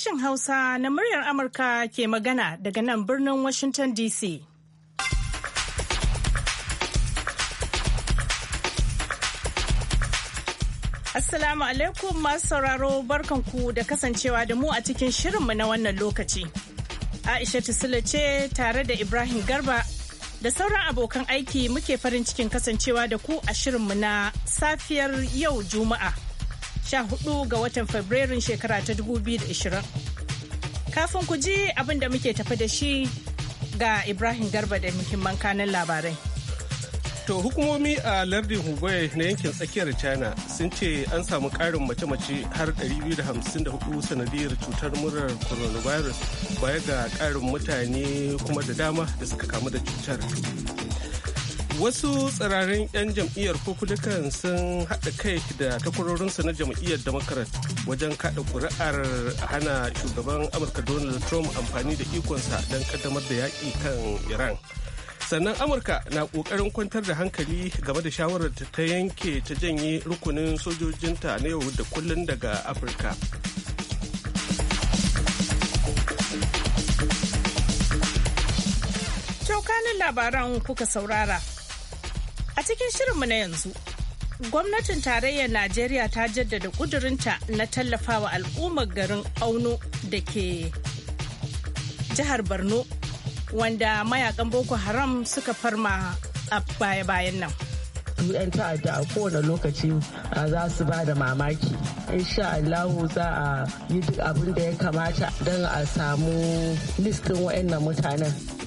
sashen Hausa na muryar Amurka ke magana daga nan birnin Washington DC. Assalamu alaikum masu sauraro barkanku da kasancewa da mu a cikin shirinmu na wannan lokaci. Aisha Sule ce tare da Ibrahim Garba da sauran abokan aiki muke farin cikin kasancewa da ku a shirinmu na safiyar yau Juma'a. 14 ga watan Fabrairun shekara ta 2020. Kafin ku ji abin da muke tafi da shi ga Ibrahim Garba da muhimman kanin labarai. To hukumomi a lardin Hubei na yankin tsakiyar China sun ce an samu ƙarin mace-mace har 254 sanadiyar cutar murar coronavirus baya ga ƙarin mutane kuma da dama da suka kamu da cutar. wasu tsirarin 'yan jam'iyyar kukudukan sun haɗa kai da takwarorinsu na jam'iyyar democrat wajen kaɗa ƙuri'ar hana shugaban amurka donald trump amfani da ikonsa don ƙaddamar da yaƙi kan iran sannan amurka na ƙoƙarin kwantar da hankali game da shawarar ta ta yanke ta janye rukunin sojojinta na yau da kullun daga afirka Kyau kanin labaran kuka saurara A cikin shirinmu na yanzu, gwamnatin tarayyar Najeriya ta jaddada ƙudurinta na tallafawa al'ummar garin Auno da ke jihar Borno wanda mayakan Boko Haram suka farma a baya-bayan nan. su 'yan ta'adda a kowane lokaci za su ba da mamaki in sha Allahu za a yi duk abin da ya kamata don a samu listin waɗannan mutanen.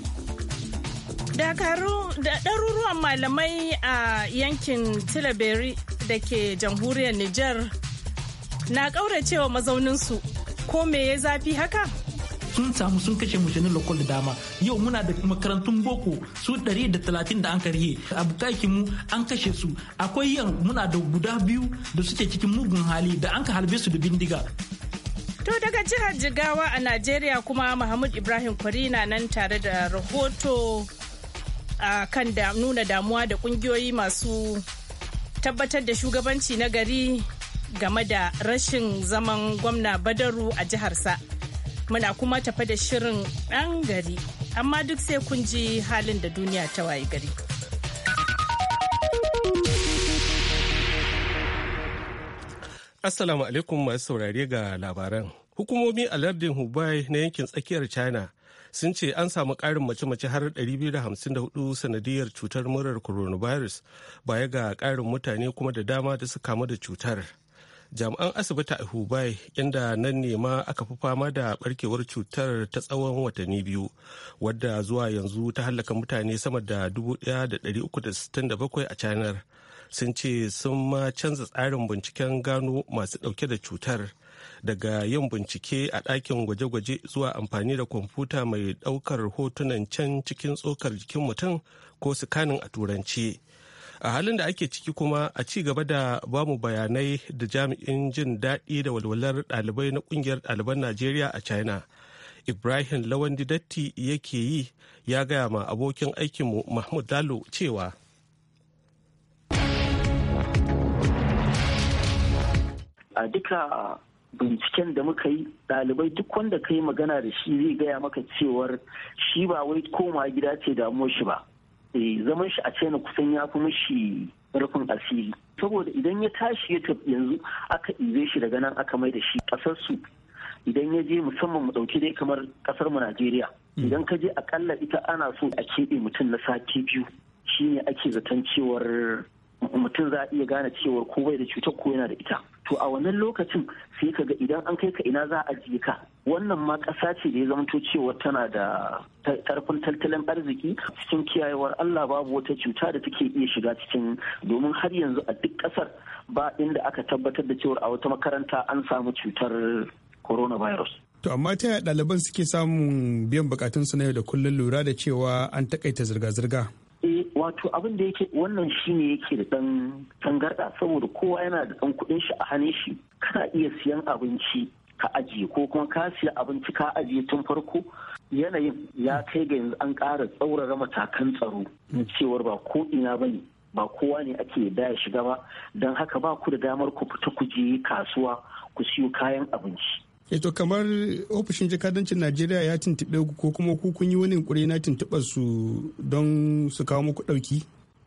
Dakaru ɗaruruwan malamai a yankin Tilaberi da ke jamhuriyar Nijar na ƙauracewa mazauninsu ko me ya zafi haka? sun samu sun kashe mushanin lokal da dama yau muna da makarantun boko su 130 da an karye abukaki mu an kashe su akwai yan muna da guda biyu da suke cikin mugun hali da an ka halbe su da bindiga To daga jihar Jigawa a Najeriya kuma Mahmud Ibrahim Kwari na nan tare da rahoto a kan nuna damuwa da kungiyoyi masu tabbatar da shugabanci na gari game da rashin zaman gwamna badaru a jiharsa muna kuma tafa da shirin ɗan gari amma duk sai kun ji halin da duniya ta waye gari assalamu alaikum masu saurare ga labaran hukumomi a lardin hubei na yankin tsakiyar china sun ce an samu ƙarin mace-mace har 254 sanadiyar cutar murar coronavirus baya ga ƙarin mutane kuma da dama da su kamu da cutar. jami'an asibiti a Hubei inda nan ne ma aka fi fama da barkewar cutar ta tsawon watanni biyu wadda zuwa yanzu ta hallaka mutane sama da 1,367 a canar sun ce sun ma canza tsarin binciken gano masu dauke da cutar daga yin bincike a ɗakin gwaje-gwaje zuwa amfani da kwamfuta mai ɗaukar hotunan can cikin tsokar jikin mutum ko sikanin a turanci a halin da ake ciki kuma a ci gaba da bamu bayanai da jami'in jin daɗi da walwalar ɗalibai na ƙungiyar ɗaliban najeriya a china ibrahim lawan didatti yake yi ya gaya ma abokin aikinmu mahmud lalo cewa a duka binciken da muka yi ɗalibai duk wanda ka yi magana da shi zai gaya maka cewar shi ba wai koma gida ce damuwar shi ba eh, zaman shi a na kusan ya fi mashi rufin asiri saboda idan ya tashi ya tafi yanzu aka ize shi daga nan aka mai da shi ƙasar su idan ya je musamman mu ɗauki dai kamar ƙasar mu najeriya hmm. idan ka je akalla ita ana so a keɓe mutum na sati biyu shine ake zaton cewar mutum za a iya gane cewar ko bai da cutar ko yana da ita to a wannan lokacin sai ka ga idan an kai ka ina za a je ka wannan ma ƙasa ce da ya zamanto cewa tana da karfin tattalin arziki cikin kiyayewar Allah babu wata cuta da take iya shiga cikin domin har yanzu a duk ƙasar ba inda aka tabbatar da cewar a wata makaranta an samu cutar coronavirus. To amma ta yaya ɗaliban suke samun biyan bukatunsu na yau da kullum lura da cewa an takaita zirga-zirga? eh wato abin da yake wannan shine yake da ɗan tangarda saboda kowa yana da ɗan kuɗin shi a hannun shi kana iya siyan abinci ka ajiye ko kuma ka siya abinci ka ajiye tun farko yanayin ya kai ga yanzu an ƙara tsaurara matakan tsaro cewar ba ko ina bane ba kowa ne ake da ya shiga ba don haka ba ku da damar ku fita ku je kasuwa ku siyo kayan abinci e to kamar ofishin jakadancin najeriya ya tuntuɓe ku ko kuma ku kun yi wani yunkuri na tuntuɓar su don su kawo muku ɗauki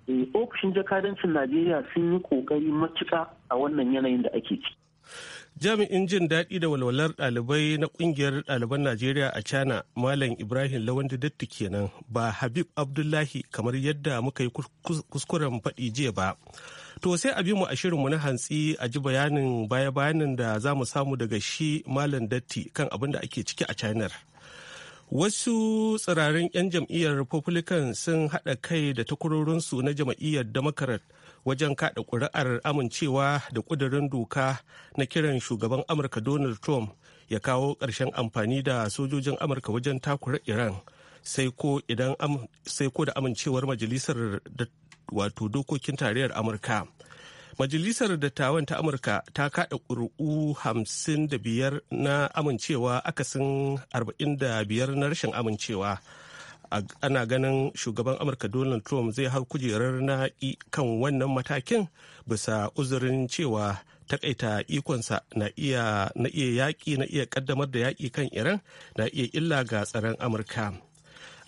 eh, ofishin jakadancin najeriya sun yi ƙoƙari matuƙa a wannan yanayin da ake ciki jami'in jin daɗi da walwalar ɗalibai na ƙungiyar ɗaliban najeriya a china malam ibrahim lawandi datti kenan ba habib abdullahi kamar yadda muka yi kuskuren faɗi jiya ba To sai a bi mu a shirinmu na hantsi a ji bayanin baya-bayanin da za mu samu daga shi Malam Datti kan abin da ake ciki a China. Wasu tsirarin 'yan jam'iyyar Republican sun haɗa kai da takwarorinsu na jam'iyyar Democrat wajen kaɗa ƙuri'ar amincewa da ƙudurin doka na kiran shugaban Amurka Donald Trump ya kawo ƙarshen amfani da sojojin Amurka wajen takura Iran. sai ko da amincewar majalisar wato dokokin tarayyar amurka majalisar dattawan ta amurka ta kada ƙuri'u 55 na amincewa akasin 45 na rashin amincewa ana ganin shugaban amurka donald trump zai hau kujerar na kan wannan matakin bisa uzurin cewa takaita ikonsa na iya yaƙi na iya kaddamar da yaƙi kan iran na iya illa ga tsaron amurka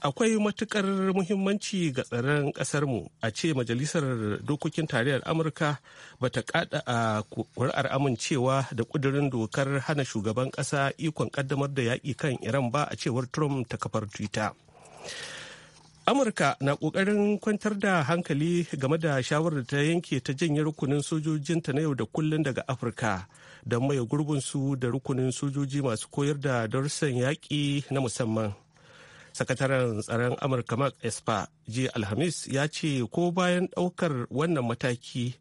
akwai matukar muhimmanci ga tsaron ƙasarmu a ce majalisar dokokin tarayyar amurka ba ta kada a ƙuri'ar amincewa da ƙudurin dokar hana shugaban ƙasa ikon ƙaddamar da yaƙi kan iran ba a cewar trump ta kafar twitter amurka na ƙoƙarin kwantar da hankali game da shawarar ta yanke ta janye rukunin sojojinta na yau da kullum daga afirka don maye gurbinsu da rukunin sojoji masu koyar da darussan yaƙi na musamman sakataren tsaron amurka mark espa ji alhamis ya ce ko bayan daukar wannan mataki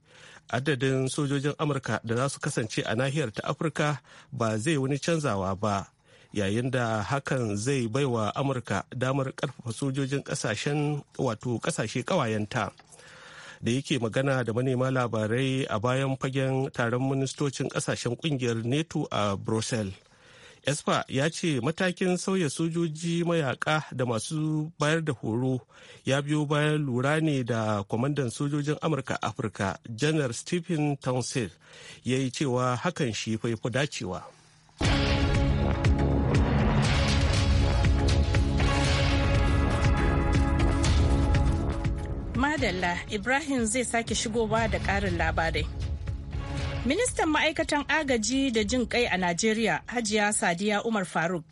adadin sojojin amurka da za su kasance a nahiyar ta afirka ba zai wani canzawa ba yayin da hakan zai baiwa amurka damar karfafa sojojin kasashen wato kasashe kawayenta da yake magana da manema labarai a bayan fagen taron ministocin kasashen kungiyar neto a brussels espa ya ce matakin sauya sojoji mayaka da masu bayar da horo ya biyo bayan lura ne da kwamandan sojojin amurka afirka janar stephen townsend ya yi cewa hakan shi faifu dacewa madalla ibrahim zai sake shigowa da ƙarin labarai Ministan ma'aikatan agaji da jin kai a Najeriya, Hajiya Sadiya Umar Faruk,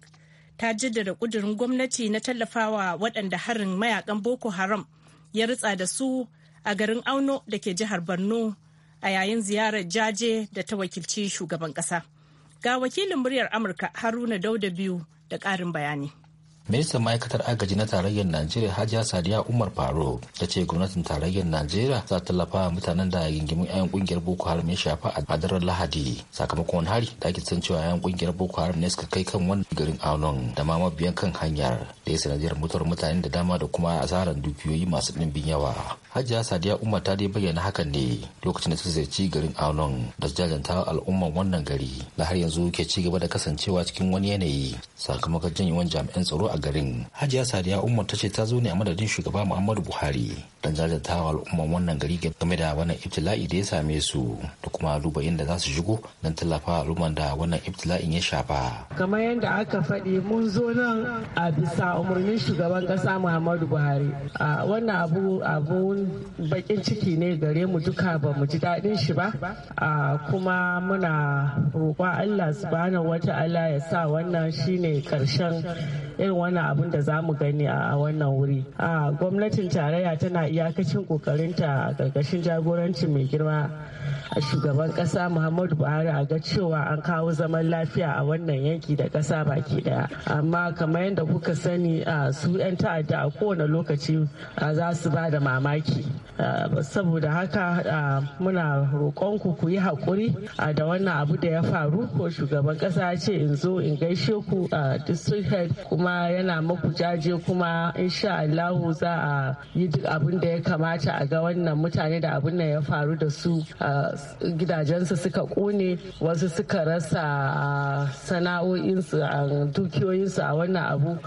ta jaddada kudurin gwamnati na tallafawa waɗanda harin mayakan Boko Haram ya ritsa da su a garin Auno da ke jihar Borno a yayin ziyarar jaje da ta wakilci shugaban ƙasa. Ga wakilin muryar Amurka Haruna Dauda biyu da ƙarin bayani. ministan ma'aikatar agaji na tarayyar najeriya hajiya sadiya umar faro ta ce gwamnatin tarayyar najeriya za ta tallafa mutanen da gingimin 'yan kungiyar boko haram ya shafa a daren lahadi sakamakon hari da ake san cewa 'yan kungiyar boko haram ne suka kai kan wani garin aunon da ma mabiyan kan hanyar da ya sanadiyar mutuwar mutane da dama da kuma asarar dukiyoyi masu ɗimbin yawa hajiya sadiya umar ta dai bayyana hakan ne lokacin da ta ziyarci garin aunon da jajanta al'umman wannan gari da har yanzu ke ci da kasancewa cikin wani yanayi sakamakon janyewan jami'an tsaro a garin hajiya sadiya umar ta ce ta zo ne a madadin shugaba muhammadu buhari don jajantawa al'umman wannan gari game da wannan ibtila'i da ya same su da kuma duba inda za su shigo don tallafa al'umman da wannan ibtila'in ya shafa kamar yadda aka faɗi mun zo nan a bisa umarnin shugaban ƙasa muhammadu buhari wannan abu abu bakin ciki ne gare mu duka ba mu ji daɗin shi ba kuma muna roƙon allah subhanahu wata allah ya sa wannan shine ƙarshen irin wani abin da za mu gani a wannan wuri a gwamnatin tarayya tana iyakacin kokarinta a ƙarƙashin jagoranci mai girma a shugaban ƙasa muhammadu buhari a ga cewa an kawo zaman lafiya a wannan yanki da ƙasa baki daya amma kamar yadda kuka sani a su 'yan ta'adda a kowane lokaci za su ba da mamaki saboda haka muna roƙonku ku yi haƙuri da wannan abu da ya faru ko shugaban ƙasa ya ce in zo in gaishe ku district head kuma yana muku jaje kuma insha Allah za a yi duk abin da ya kamata a ga wannan mutane da abin da ya faru da su gidajensu suka kone wasu suka rasa sana'o'insu a dukiyoyinsu a wannan abu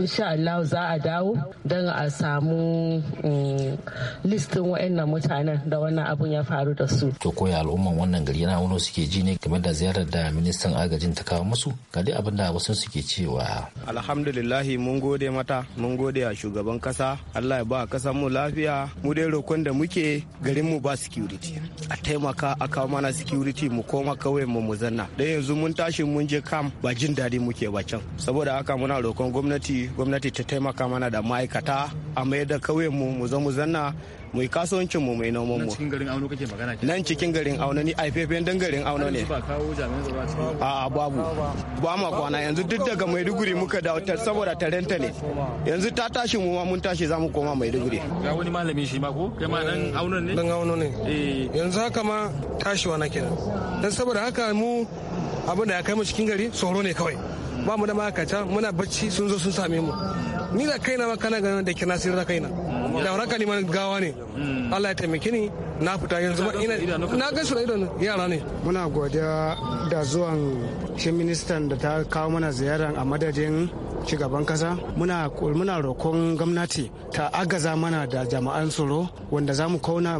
insha Allah za a dawo don a samu mm, listin wa'annan mutanen da wannan abun ya faru da su. To koya al'umman wannan gari yana wani suke ji ne game da ziyarar da ministan agajin ta kawo musu ga dai abin da wasu suke cewa. Alhamdulillah alhamdulillahi mun gode mata mun gode a shugaban kasa allah ya ba kasan mu lafiya mu dai roƙon da muke garin mu ba security a taimaka a kawo mana security mu koma kawai mu mu zanna dan yanzu mun tashi mun je kam ba jin daɗi muke ba can saboda haka muna roƙon gwamnati gwamnati ta taimaka mana da ma'aikata a mai da kauyen mu mu zo mu mu yi kasuwancin mu mai noman mu nan cikin garin auna kake a nan cikin garin auno dan garin auno ne a babu ba ma kwana yanzu duk daga maiduguri muka da dawo saboda tarenta ne yanzu ta tashi mu ma mun tashi za mu koma maiduguri ga wani malami shi ma ko kai ma dan auna ne dan auna ne eh. yanzu haka ma tashi wa kenan dan saboda haka mu abin da ya kai mu cikin gari tsoro ne kawai ba mu da ma'aikata muna bacci sun zo sun same mu ni da kaina ma kana ganin da kina sirra kaina da waraka ni gawa ne hmm. Allah ya taimake ni na fita yanzu ina na ga su da yara ne muna godiya da zuwan shi ministan da ta kawo mana ziyara a madadin shugaban kasa muna muna roƙon gwamnati ta agaza mana da jama'an tsaro wanda za mu koma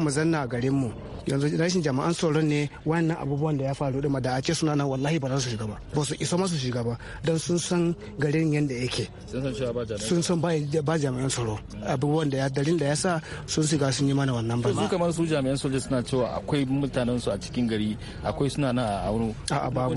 mu zanna garinmu yanzu rashin jama'an tsoron ne wannan abubuwan da ya faru da da a ce suna nan wallahi ba za su shiga ba ba su isa masu shiga ba don sun san garin yadda yake sun san ba jami'an tsaro abubuwan da ya darin da ya sa sun shiga sun yi mana wannan ba su kamar su jami'an soja suna cewa akwai mutanen su a cikin gari akwai suna nan a auno a babu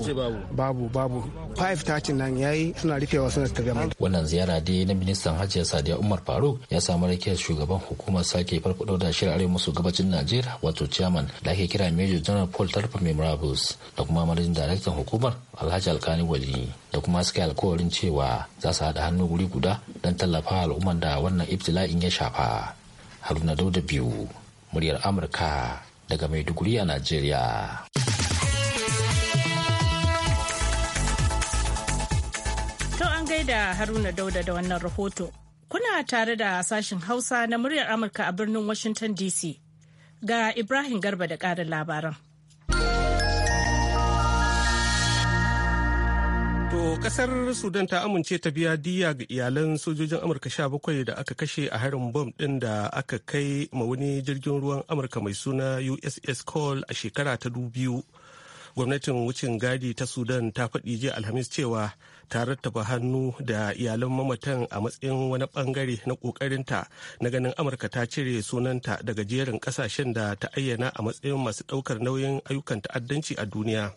babu babu 5:30 nan yayi suna rufewa suna tafiya wannan ziyara dai na ministan hajiya sadiya umar faruk ya samu rakiyar shugaban hukumar sake farfado da shirin musu gabacin najeriya wato ciyama chairman da ake kira major general paul tarfa mai da kuma madadin daraktan hukumar alhaji alkani wali da kuma suka yi alkawarin cewa za su haɗa hannu guri guda don tallafa al'ummar da wannan ibtila'in ya shafa haruna dauda biyu muryar amurka daga maiduguri a najeriya to an gaida haruna dauda da wannan rahoto kuna tare da sashen hausa na muryar amurka a birnin washington dc Ga Ibrahim Garba da ƙarin labaran. To kasar Sudan ta amince ta biya diya ga iyalan sojojin Amurka 17 da aka kashe a harin bom ɗin da aka kai ma wani jirgin ruwan Amurka mai suna USS Cole a shekara ta dubu biyu. Gwamnatin wucin gadi ta Sudan ta faɗi jiya Alhamis cewa ta rattaba hannu da iyalan mamatan a matsayin wani bangare na kokarinta na ganin amurka ta cire sunanta daga jerin kasashen da ta ayyana a matsayin masu daukar nauyin ayyukan ta'addanci a duniya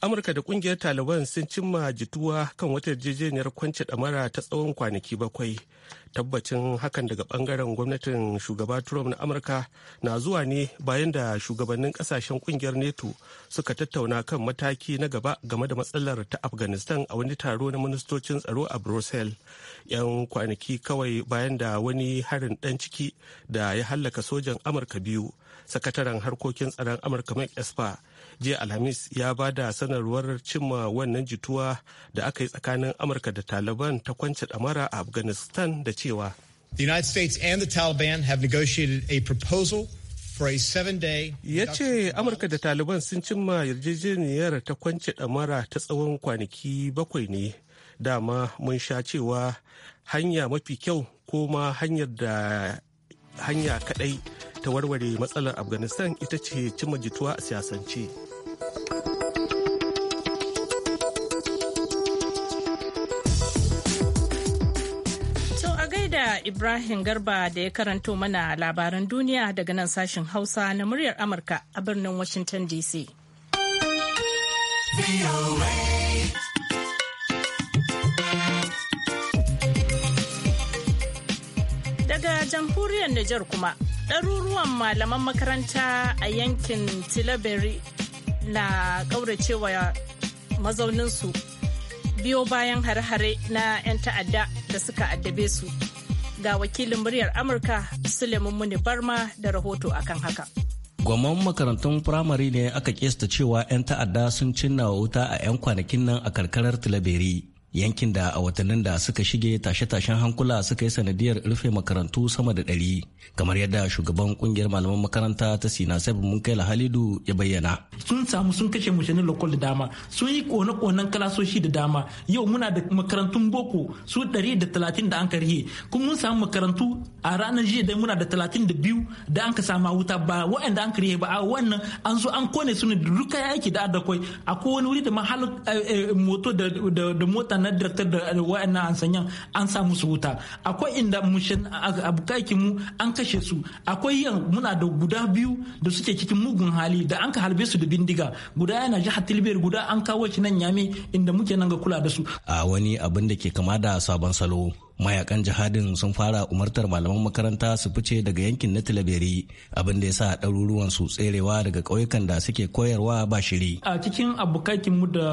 amurka da kungiyar taliban sun cimma jituwa kan wata yarjejeniyar kwance damara ta tsawon kwanaki bakwai tabbacin hakan daga bangaren gwamnatin shugaba trump na amurka na zuwa ne bayan da shugabannin kasashen kungiyar neto suka tattauna kan mataki na gaba game da matsalar ta afghanistan a wani taro na ministocin tsaro a brussels yan kwanaki kawai bayan da wani harin dan ciki da ya hallaka sojan amurka biyu sakataren harkokin tsaron amurka mike esper jiya alhamis ya ba da sanarwar cimma wannan jituwa da aka yi tsakanin amurka da taliban ta kwance damara a afghanistan da cewa the united states and the taliban have negotiated a proposal ya ce amurka da taliban sun cimma yarjejeniyar ta kwance damara ta tsawon kwanaki bakwai ne dama mun sha cewa hanya mafi kyau ko ma hanyar da hanya kadai ta warware matsalar afghanistan ita ce cimma jituwa a siyasance a gaida Ibrahim Garba da ya karanto mana labaran duniya daga nan sashen Hausa na muryar Amurka a birnin Washington DC. Daga jamhuriyar Nijar kuma, ɗaruruwan malaman makaranta a yankin Tilaberi na kauracewa mazauninsu biyo bayan hare-hare na 'yan ta'adda da suka addabe su ga wakilin muryar amurka suleiman muni barma da rahoto akan haka gwamman makarantun firamare ne aka kesta cewa 'yan ta'adda sun cinna wuta a 'yan kwanakin nan a karkarar tilaberi yankin da a watannin da suka shige tashe-tashen hankula suka yi sanadiyar rufe makarantu sama da ɗari kamar yadda shugaban kungiyar malaman makaranta ta sina sabu mun kai halidu ya bayyana sun samu sun kashe mushanin lokal da dama sun yi kone-konen kalasoshi da dama yau muna da makarantun boko su ɗari da talatin da an karhe kuma mun samu makarantu a ranar jiya da muna da talatin da biyu da an ka sama wuta ba waɗanda an karhe ba a wannan an zo an kone su ne da duka yaki da adakwai akwai wani wuri da mahal eh, eh, moto da mota na na da wa'annan an sanya an sa musu wuta akwai inda mushin abukaki mu an kashe su akwai yan muna da guda biyu da suke cikin mugun hali da an ka halbe su da bindiga guda yana jihar tilbiyar guda an kawo shi nan yami inda muke nan ga kula da su a wani abin da ke kama da sabon salo mayakan jihadin sun fara umartar malaman makaranta su fice daga yankin na tilaberi abin da ya sa ɗaruruwan su tserewa daga ƙauyukan da suke koyarwa ba shiri a cikin abokakin mu da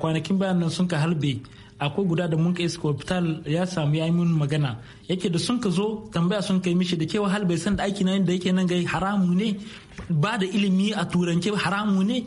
kwanakin bayanan nan sun ka halbe akwai guda da mun kai hospital ya samu ya mun magana yake da sun ka zo tambaya sun kai mishi da ke wahal bai san da aiki na yadda yake nan gai haramu ne ba da ilimi a turance haramu ne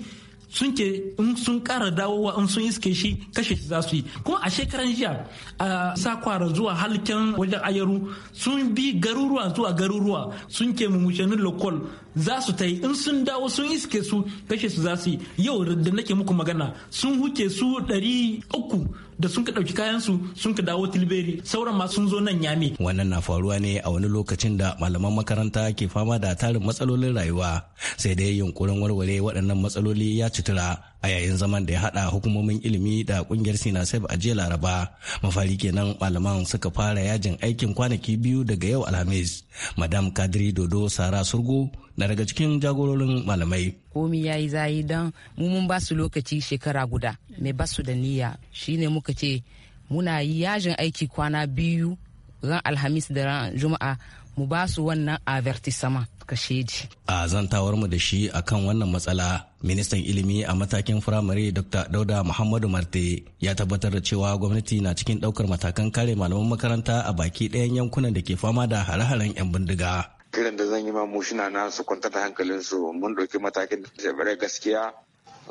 sun ke in sun kara dawowa in sun iske shi kashe shi za su yi kuma a shekaran jiya a sakwara zuwa halken wajen ayaru sun bi garuruwa zuwa garuruwa sun ke mummushanin lokol za su ta yi in sun dawo sun iske su kashe su za su yi yau da nake muku magana sun huke su ɗari uku da sun ka ɗauki kayansu sun ka dawo tilberi sauran ma sun zo nan yami Wannan na faruwa ne a wani lokacin da malaman makaranta ke fama da tarin matsalolin rayuwa sai dai yunkurin warware waɗannan matsaloli ya citura a yayin zaman da ya hada hukumomin ilimi da kungiyar sinasef a jiya laraba mafari kenan malaman suka fara yajin aikin kwanaki biyu daga yau alhamis madam kadiri dodo sara surgo na daga cikin jagororin malamai komi ya yi zayi don mun ba su lokaci shekara guda mai su da niyya shine muka ce muna yi yajin aiki kwana biyu ran alhamis da ran juma'a mu ba su wannan avertisama kashedi. A zantawar mu da shi akan wannan matsala, ministan ilimi a matakin firamare Dr. Dauda Muhammadu Marte ya tabbatar da cewa gwamnati na cikin ɗaukar matakan kare malaman makaranta a baki ɗayan yankunan da ke fama da hare-haren 'yan bindiga. Kiran da zan yi ma mushina na su kwantar da hankalinsu mun ɗauki matakin da gaskiya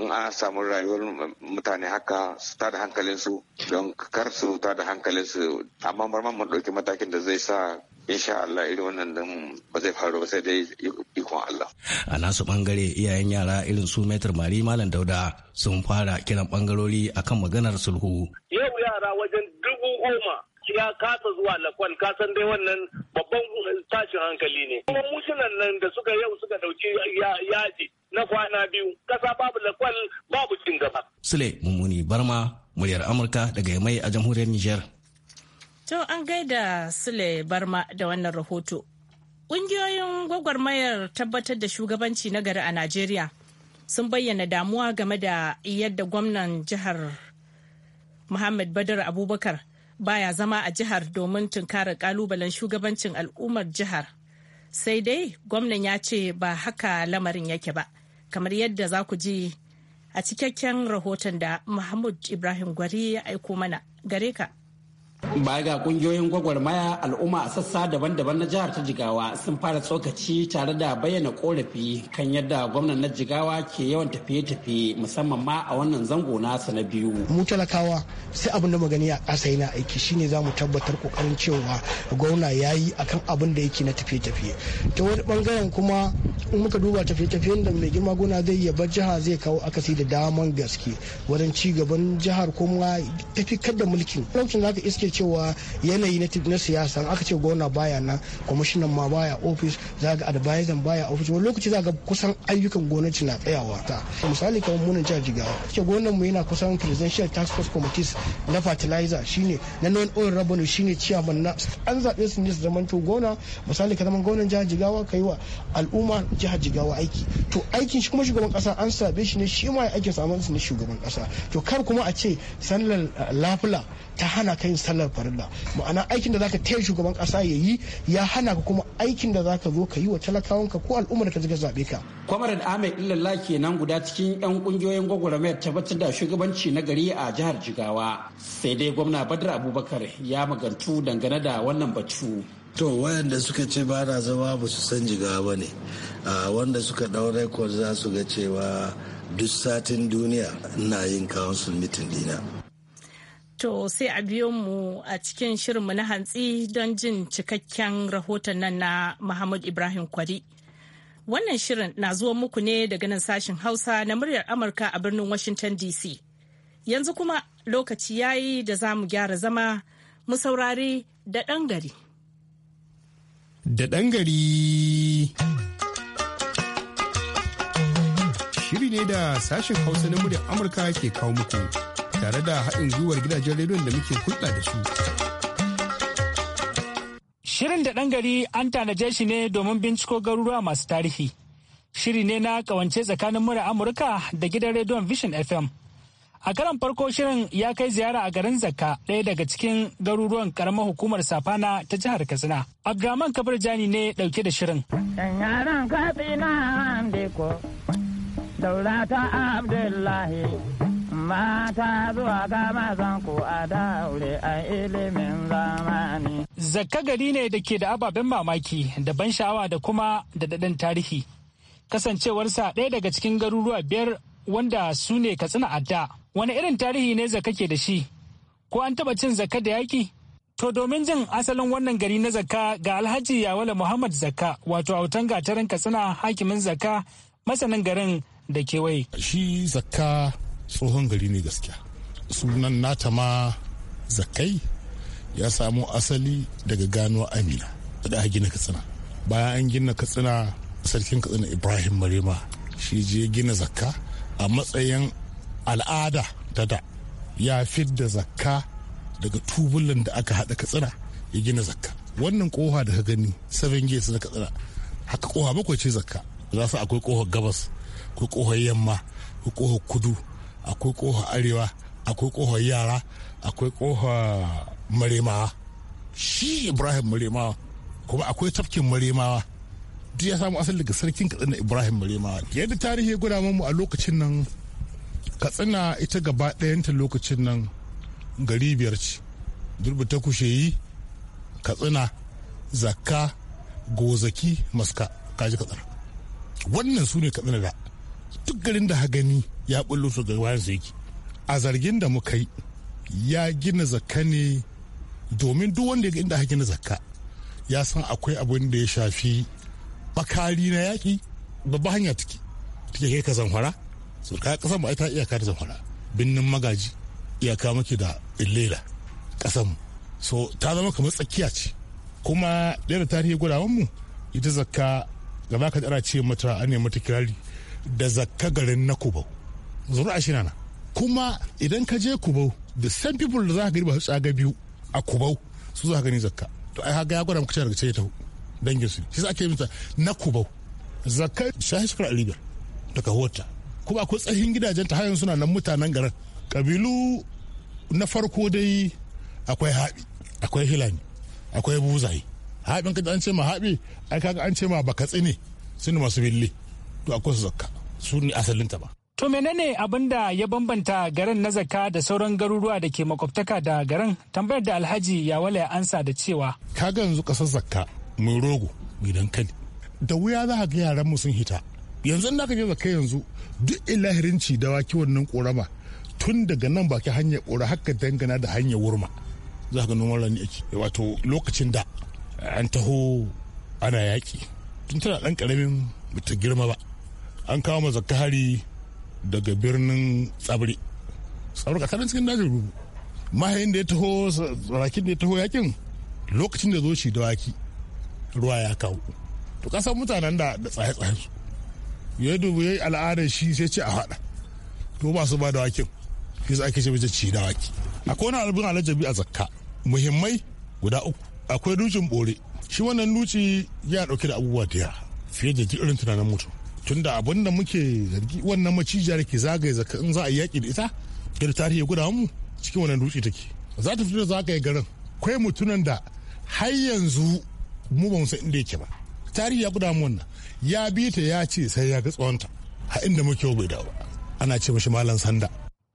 in an samu rayuwar mutane haka su tada hankalinsu don kar su tada hankalinsu amma marmar mun ɗauki matakin da zai sa insha Allah irin wannan dan ba zai faru ba sai dai ikon Allah. A nasu bangare iyayen yara irin su Maitar Mari Malam Dauda sun fara kiran bangarori akan maganar sulhu. Yau yara wajen dubu goma ya kasa zuwa lakwan kasan dai wannan babban tashin hankali ne. Kuma mushinan nan da suka yau suka dauki yaji na kwana biyu kasa babu lakwal babu cin gaba. Sule Mummuni Barma muryar Amurka daga Yamai a jamhuriyar Nijar. To an gaida Sule Barma da wannan rahoto. Ƙungiyoyin gwagwarmayar tabbatar da shugabanci na gari a Najeriya sun bayyana damuwa game da yadda gwamnan jihar Muhammad Badar Abubakar baya zama a jihar domin tunkarar kalubalen shugabancin al'ummar jihar. Sai dai gwamnan ya ce ba haka lamarin yake ba, kamar yadda za ku ji a cikakken rahoton da Muhammad Ibrahim Gwari ya aiko mana gare ka. Baya ga kungiyoyin gwagwarmaya al'umma a sassa daban-daban na jihar ta Jigawa sun fara tsokaci tare da bayyana korafi kan yadda gwamnan na Jigawa ke yawan tafiye-tafiye musamman ma a wannan zango nasa na biyu. Mu talakawa sai abin da magani a ƙasa yana aiki shine za mu tabbatar kokarin cewa gwamna ya yi akan abin da yake na tafiye-tafiye. Ta wani bangaren kuma in muka duba tafiye-tafiyen da mai girma gona zai yi bar jiha zai kawo akasi da daman gaske wajen ci gaban jihar kuma tafi da mulkin. Lokacin za iske cewa yanayi na siyasa aka ce gona baya nan kwamishinan ma baya ofis za ga advisor baya ofis wani lokaci za ga kusan ayyukan gwamnati na tsayawa ta misali kamar munin jihar jigawa ake gwamnan mu yana kusan presidential task force committees na fertilizer shine na non oil revenue shine chairman na an zaɓe su ne su zaman to gona misali ka zama gwamnan jihar jigawa ka yi wa al'umma jihar jigawa aiki to aikin shi kuma shugaban kasa an sabe shi ne shi ma ya aikin samun su ne shugaban kasa to kar kuma a ce sallar lafula ta hana kai sallar sallar farilla ma'ana aikin da zaka taya shugaban kasa ya yi ya hana ka kuma aikin da zaka zo ka yi wa talakawan ka ko al'ummar ka zaka zabe ka kwamarar ahmed illallah kenan guda cikin yan kungiyoyin gwagwarmayar tabbatar da shugabanci na gari a jihar jigawa sai dai gwamna badar abubakar ya magantu dangane da wannan batu to wayanda suka ce ba na zama ba su san jigawa ba ne wanda suka ɗau rekod za su ga cewa duk satin duniya na yin council meeting dina To sai a biyo mu a cikin shirinmu na hantsi don jin cikakken rahoton nan na Muhammad Ibrahim Kwari. Wannan shirin na zuwa muku ne daga nan sashin Hausa na muryar Amurka a birnin Washington DC. Yanzu kuma lokaci ya yi da za mu gyara zama musaurari saurari da ɗan gari. Da ɗan gari. Shiri ne da sashen Hausa na muryar Amurka ke kawo muku. tare da haɗin gwiwar gidajen rediyon da muke hulɗa da su. Shirin da ɗan gari an tanaje shi ne domin binciko garuruwa masu tarihi. Shiri ne na ƙawance tsakanin mura Amurka da gidan rediyon Vision FM. A karan farko shirin ya kai ziyara a garin Zakka ɗaya daga cikin garuruwan karamar hukumar Safana ta jihar Katsina. Abdulrahman Kabir Jani ne ɗauke da shirin. Daura Daulata Abdullahi mata zuwa kama zanku a daure a ilimin zamani. Zakka gari ne da ke da ababen mamaki da ban sha'awa da kuma da daɗin tarihi. Kasancewarsa ɗaya daga cikin garuruwa biyar wanda su ne katsina adda. Wani irin tarihi ne zakka ke da shi? Ko an taɓa cin zakka da yaƙi? To domin jin asalin wannan gari na zakka ga Alhaji Yawala Muhammad Zakka wato autan gatarin Katsina hakimin zakka masanin garin da kewaye. Shi zakka tsohon gari ne gaskiya sunan nata ma zakai ya samo asali daga gano amina da gina katsina bayan an gina katsina sarkin katsina ibrahim marema shi je gina zakka a matsayin al'ada ta da ya fidda zakka daga tubulan da aka hada katsina ya gina zakka wannan koha da ka gani seven gates na katsina haka koha bakwai ce zakka za su akwai kohar gabas akwai kohar yamma akwai kohar kudu akwai ƙofa arewa akwai ƙofa yara akwai ƙofa maremawa shi ibrahim maremawa kuma akwai tafkin maremawa duk ya samu asali daga sarkin katsina ibrahim maremawa yadda tarihi ya mu a lokacin nan katsina ita gaba ɗayanta lokacin nan gari biyar ce durbi ta kushe yi katsina zakka gozaki maska kaji katsina wannan su ne katsina da duk garin da ha gani ya bullo su ga bayan su yake a zargin da muka yi ya gina zakka ne domin duk wanda ya inda aka gina zakka ya san akwai abin da ya shafi bakari na yaƙi babba hanya take take kai ka zanfara su ka kasan mu ta iyaka da zanfara binnin magaji iyaka muke da illela kasan mu so ta zama kamar tsakiya ce kuma ɗaya da tarihi gudawan mu ita zakka gaba ka tsara ce mata an mata kirari da zakka garin na kubau zuru shi na kuma idan ka je kubau the same people da za ka gani ba su tsaga biyu a kubau su za ka gani zakka to ai haka ya gwada muka cewa daga ce ta dangin su shi ake yin na kubau zakka shahi shukar alibiyar daga wata kuma akwai tsahin gidajen ta hayan suna nan mutanen garin kabilu na farko dai akwai haɓi akwai hilani akwai buzaye haɓin kaji an ce ma haɓi ai kaga an ce ma bakatsi ne sun masu billi to akwai su zakka su ne asalin ta ba To menene abin da ya bambanta garin na zaka da sauran garuruwa da ke makwabtaka da garin tambayar da alhaji ya wale ansa da cewa. Ka ga yanzu ƙasar zakka mai rogo mai dankali da wuya za ka ga yaran mu sun hita yanzu in ka je zakka yanzu duk ilahirin ci da waki wannan ƙorama tun daga nan baki hanyar ƙora haka dangana da hanyar wurma za ka noman rani ake wato lokacin da an taho ana yaƙi tun tana ɗan ƙaramin bata girma ba an kawo ma zakka hari daga birnin tsabri tsabri kanin cikin dajin rubu mahayin da ya taho rakin da ya taho yakin lokacin da zo shi da waki ruwa ya kawo to kasan mutanen da da tsaye-tsaye su ya dubu ya yi al'adar shi sai ce a hada to ba su ba da wakin shi ake ce mace ci da waki akwai wani albin alajabi a zakka muhimmai guda uku akwai dutsen bore shi wannan duci ya ɗauke da abubuwa da fiye da irin tunanin mutum tunda abin da muke zargi wannan macijiyar ke zagaye zaka in za a yaƙi da ita da tarihi guda mu cikin wannan dutse take za ta fito zagaye garin kai mutunan da har yanzu mu ba mu san inda yake ba tarihi ya guda mu wannan ya bi ta ya ce sai ya ga tsawonta a inda muke bai dawo ana ce mishi malam sanda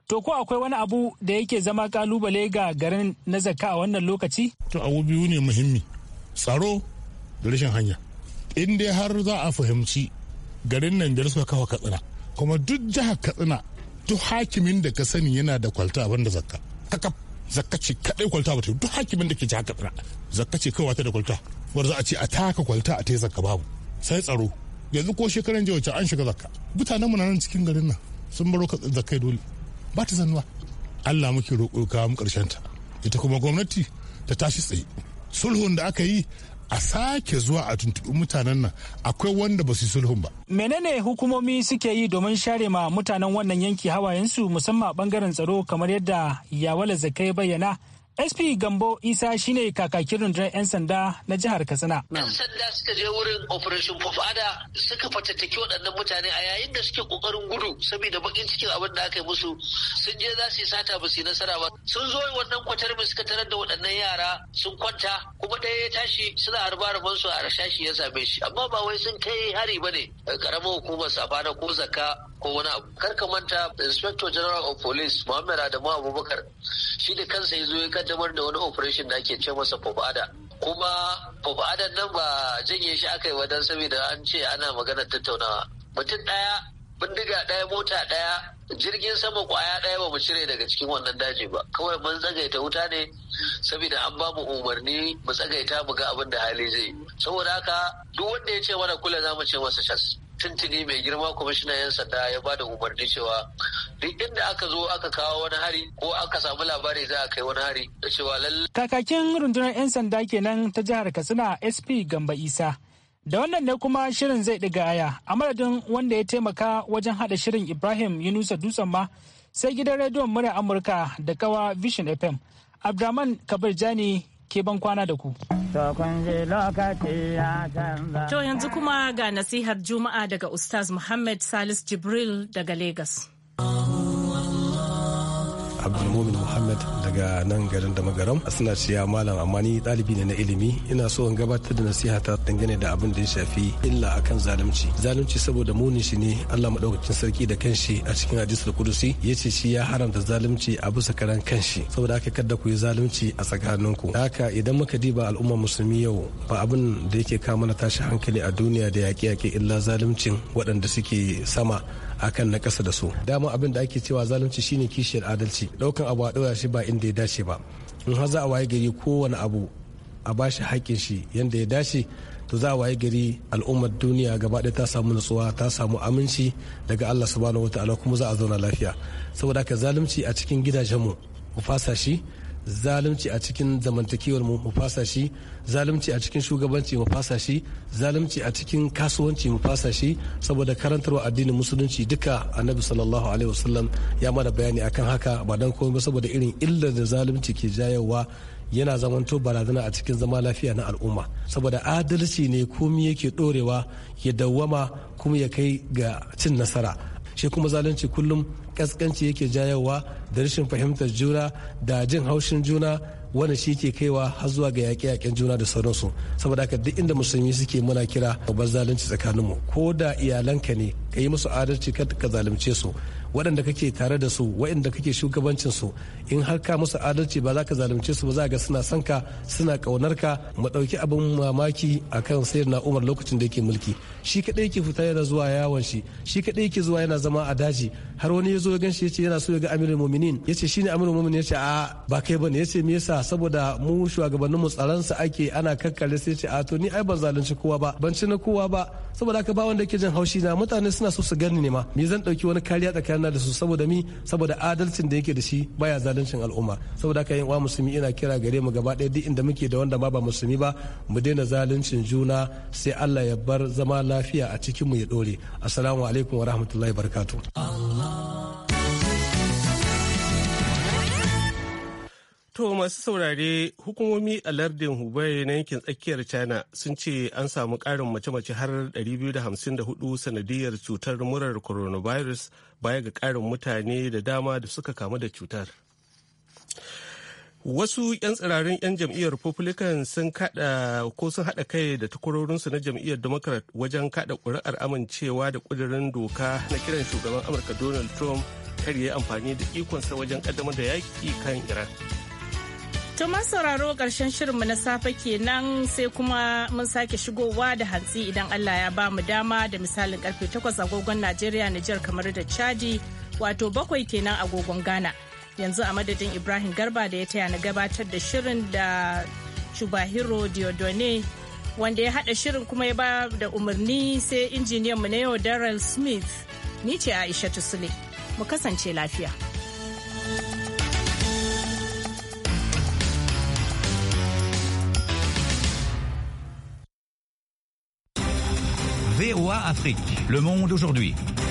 To ko akwai wani abu da yake zama kalubale ga garin na zakka a wannan lokaci? To abu biyu ne muhimmi, tsaro da rashin hanya. In dai har za a fahimci garin nan biyar suka kawa katsina kuma duk jihar katsina duk hakimin da ka sani yana da kwalta abin da zakka kakaf zakka ce kadai kwalta ba ta duk hakimin da ke jihar katsina zakka ce kawai ta da kwalta war za a ce a taka kwalta a tai zakka babu sai tsaro yanzu ko shekaran jiya wacce an shiga zakka mutanen mu na nan cikin garin nan sun baro zakka dole ba ta zannuwa. Allah muke roƙo kawo mu ƙarshen ta ita kuma gwamnati ta tashi tsaye sulhun da aka yi a sake zuwa a tuntuɓi mutanen nan akwai wanda ba su yi sulhun ba. Menene hukumomi suke yi domin share ma mutanen wannan yanki hawayensu musamman a bangaren tsaro kamar yadda Yawala Zakai bayyana SP Gambo Isa shine kakakin rundunar 'yan sanda na jihar Katsina. 'Yan sanda suka je wurin Operation Ada suka fatattaki waɗannan mutane a yayin da suke ƙoƙarin gudu saboda bakin cikin abin da aka yi musu sun je za su sata ba su yi nasara ba. Sun zo wannan kwatar mai suka tarar da waɗannan yara sun kwanta kuma ɗaya ya tashi suna harba rabon su a rashashi ya same shi amma ba wai sun kai hari ba ne karamar hukumar safana ko Zaka ko wani abu. Kar ka manta Inspector General of Police Muhammad Adamu Abubakar shi da kansa ya zo ya kaddamar da wani operation da ake ce masa ada kuma adan nan ba janye shi aka yi wadan saboda an ce ana magana tattaunawa mutum ɗaya bindiga daya mota ɗaya jirgin sama kwaya ɗaya ba mu cire daga cikin wannan daji ba kawai mun tsagaita wuta ne saboda an ba mu umarni mu tsagaita mu ga abin da hali zai saboda haka duk wanda ya ce mana kula za mu ce masa shas tuntuni mai girma kwamishina yan sanda ya da umarni cewa duk inda aka zo aka kawo wani hari ko aka samu labari za a kai wani hari da cewa lallai. Kakakin rundunar 'yan sanda kenan ta jihar Katsina SP Gamba Isa. Da wannan ne kuma shirin zai ɗiga aya a madadin wanda ya taimaka wajen haɗa shirin Ibrahim Yunusa Dutsen ma sai gidan rediyon murya Amurka da kawa Vision FM. Abdraman Kabir Jani ke ban kwana da ku. To yanzu kuma ga nasihar Juma'a daga Ustaz Muhammad Salis Jibril daga Legas. abdulmumin muhammad daga nan garin da magaram suna ciya malam amma ni ɗalibi ne na ilimi ina so in gabatar da nasiha ta dangane da abin da ya shafi illa akan zalunci zalunci saboda munin shi ne allah maɗaukacin sarki da kanshi a cikin hadisul kudusi ya ce shi ya haramta zalunci a bisa karan kanshi saboda haka kada ku yi zalunci a tsakaninku haka idan muka diba al'ummar musulmi yau ba abin da yake kawo mana tashi hankali a duniya da yaƙe-yaƙe illa zaluncin waɗanda suke sama akan na ƙasa da su dama abin da ake cewa zalunci shine kishiyar adalci ɗaukan abu a ɗora shi ba inda ya dace ba in har za a waye gari kowane abu a ba shi haƙƙin shi yanda ya dace to za a waye gari al'ummar duniya gaba ɗaya ta samu nutsuwa ta samu aminci daga Allah subhanahu ta'ala kuma za a zauna lafiya saboda haka zalunci a cikin gidajenmu mu fasa shi zalunci a cikin zamantakewar mu mu fasa shi zalunci a cikin shugabanci mu fasa shi zalunci a cikin kasuwanci mu fasa shi saboda karantarwa addinin musulunci duka annabi sallallahu alaihi wasallam ya mana bayani akan haka ba dan komai ba saboda irin illar da zalunci ke jayowa yana zamanto barazana a cikin zama lafiya na al'umma saboda adalci ne komi yake dorewa ya dawwama kuma ya kai ga cin nasara shi kuma zalunci kullum kaskanci yake jayowa da rashin fahimtar juna da jin haushin juna wanda shi ke kaiwa har zuwa ga yaƙe-yaƙen juna da sauransu saboda haka duk inda musulmi suke muna kira babban zalunci tsakaninmu ko da iyalanka ne ka yi musu adalci ka zalunce su waɗanda kake tare da su waɗanda kake shugabancin su in har ka musu adalci ba za ka zalunce su ba za ga suna son ka suna ƙaunar ka mu ɗauki abin mamaki akan sayar na umar lokacin da yake mulki shi kaɗai yake fita yana zuwa yawon shi shi kaɗai ke zuwa yana zama a daji har wani ya zo ya ganshi ya ce yana so ya ga amirul mu'minin ya ce shine amirul mu'minin ya ce a ba kai bane ya ce me yasa saboda mu shugabannin mu tsaron sa ake ana kakkare sai ce a to ni ai ban zalunci kowa ba ban ci na kowa ba saboda haka ba wanda yake jin haushi na mutane suna so su gani ne ma me zan dauki wani kariya tsakanin da su saboda mi saboda adalcin da yake da shi baya zaluncin al'umma saboda haka yan uwa musulmi ina kira gare mu gaba ɗaya duk inda muke da wanda ba ba musulmi ba mu daina zaluncin juna sai Allah ya bar zama lafiya a cikin mu ya dore assalamu alaikum wa rahmatullahi barakatuh To masu saurare hukumomi a lardin Hubei na yankin tsakiyar China sun ce an samu ƙarin mace-mace har 254 sanadiyar cutar murar coronavirus baya ga ƙarin mutane da dama da suka kamu da cutar. wasu 'yan tsirarin 'yan jam'iyyar republican sun kada ko sun hada kai da takwarorinsu na jam'iyyar democrat wajen kada kuri'ar amincewa da kudirin doka na kiran shugaban amurka donald trump kar ya amfani da ikonsa wajen kaddamar da yaki kan iran Tumar sauraro ƙarshen shirinmu na safe kenan sai kuma mun sake shigowa da hantsi idan Allah ya ba mu dama da misalin karfe 8 agogon Najeriya Nijar kamar da Chadi wato bakwai kenan agogon Ghana. yanzu a madadin ibrahim garba da ya taya na gabatar da shirin da shubahiro diodone wanda ya haɗa shirin kuma ya ba da umarni sai injiniyan mu na yau daryl smith ni ce aisha tusule mu kasance lafiya VOA Afrique. Le monde aujourd'hui.